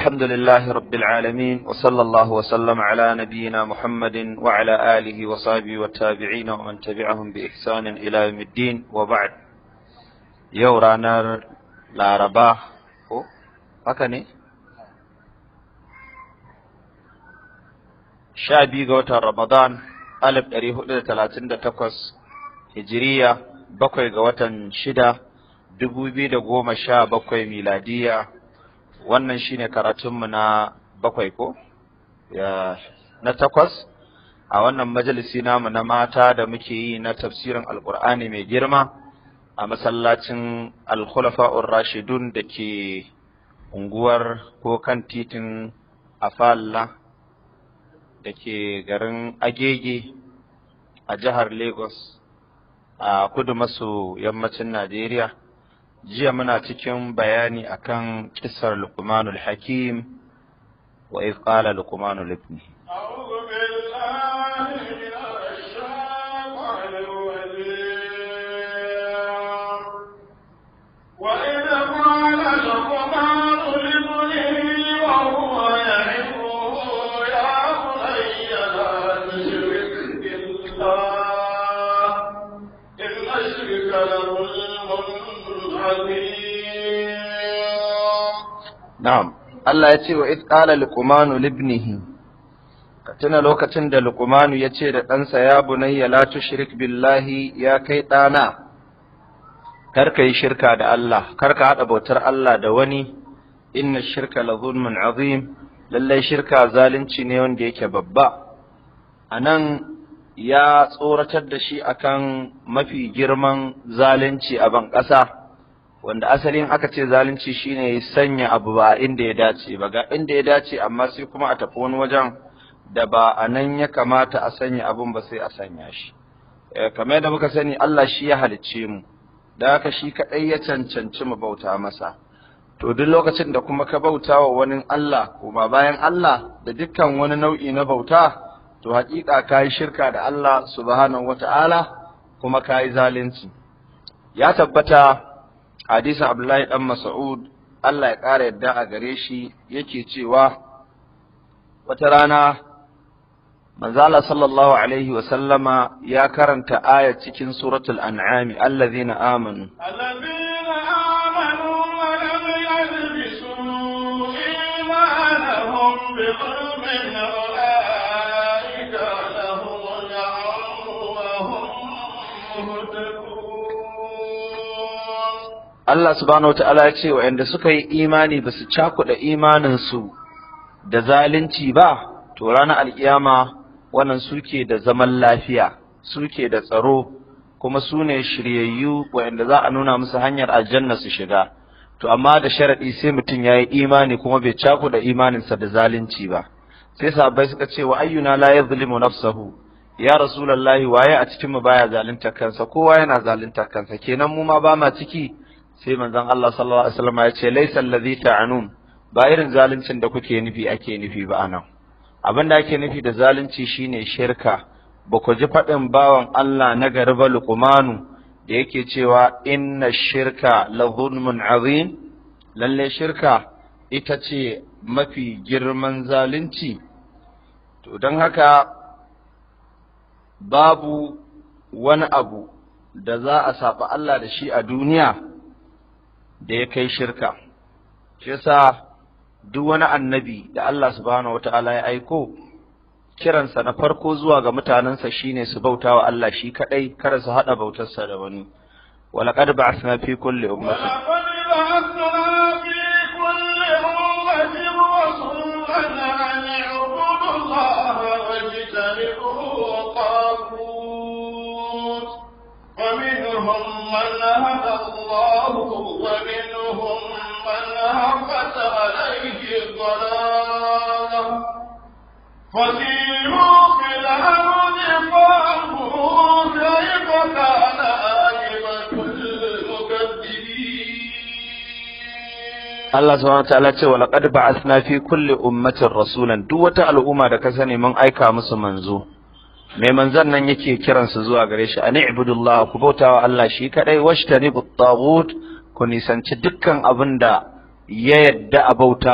الحمد لله رب العالمين وصلى الله وسلم على نبينا محمد وعلى آله وصحبه والتابعين ومن تبعهم بإحسان إلى يوم الدين وبعد يورانا لا رباه هكذا sha biyu ga watan Ramadan, alif ɗari hudu da talatin da takwas, Hijiriya, bakwai ga watan shida, dubu biyu da goma sha bakwai miladiya, wannan shine karatunmu na bakwai ko na takwas a wannan majalisi namu na mata da muke yi na tafsirin alkur'ani mai girma a masallacin alkhulafa'ur rashidun da ke unguwar ko kan titin afalla da ke garin agege a jihar lagos a kudu maso yammacin najeriya jiya muna cikin bayani akan kisar luqmanul hakim wa idh qala luqmanul ibni Thank you. na'am Allah ya ce wa iz qala liqmanu libnihi ka tuna lokacin da luqmanu ya ce da ɗansa ya bunayya la tushrik billahi ya kai ɗana kar yi shirka da Allah karka haɗa bautar Allah da wani inna shirka la zulmun azim lallai shirka zalunci ne wanda yake babba anan ya tsoratar da shi akan mafi girman zalunci a ban ƙasa wanda asalin aka ce zalunci shine sanya abu ba inda ya dace ba ga inda ya dace amma sai kuma a tafi wani wajen da ba a nan ya kamata a sanya abun ba sai a sanya shi eh, kamar yadda muka sani Allah shi ya halicce mu da haka shi kaɗai ya cancanci mu bauta masa to duk lokacin da kuma ka bauta wa wani Allah kuma bayan Allah da dukkan wani nau'i na bauta to haƙiƙa ka yi shirka da Allah subhanahu wata'ala kuma ka yi zalunci ya tabbata حديث عبد الله بن مسعود الله يقار يدعى غريشي يكي تيوا وترانا من صلى الله عليه وسلم يا كرنت آية تكين سورة الأنعام الذين آمنوا الذين آمنوا ولم يلبسوا إيمانهم بظلمهم Allah subhanahu wata'ala ya ce wa'anda suka yi imani ba su cakuɗa imaninsu da zalunci ba to ranar alkiyama wannan suke da zaman lafiya suke da tsaro kuma su ne shiryayyu wa'anda za a nuna musu hanyar aljanna su shiga to amma da sharaɗi sai mutum ya yi imani kuma bai cakuɗa imaninsa da zalunci ba sai sahabbai suka ce wa ayyuna la yadhlimu nafsahu ya rasulullahi waye a cikin mu baya zalunta kansa kowa yana zalunta kansa kenan mu ma ba ma ciki sai manzon Allah sallallahu alaihi wasallam ya ce laysa allazi ta'anun ba irin zaluncin da kuke nufi ake nufi ba anan abin da ake nufi da zalunci shine shirka ba ku ji faɗin bawan Allah na garba luqmanu da yake cewa inna shirka la zulmun azim lalle shirka ita ce mafi girman zalunci to don haka babu wani abu da za a saba Allah da shi a duniya da ya kai shirka shi yasa duk wani annabi da Allah subhanahu wataala ya aiko kiransa na farko zuwa ga mutanensa shine su bauta wa Allah shi kaɗai, kada su haɗa bautarsa da wani walaqad ba'athna fi kulli ummatin ومنهم من هدى الله ومنهم من هبت عليه الضلالة فسيروا في الأرض كيف كان Allah subhanahu ce walaqad ba'athna fi kulle ummatin rasulan duk wata al'umma da ka sani mun aika musu manzo mai manzon nan yake kiransu zuwa gare shi ani ibudullah ku bauta wa Allah shi kadai washtanibu tagut ku nisanci dukkan abin da ya yadda a bauta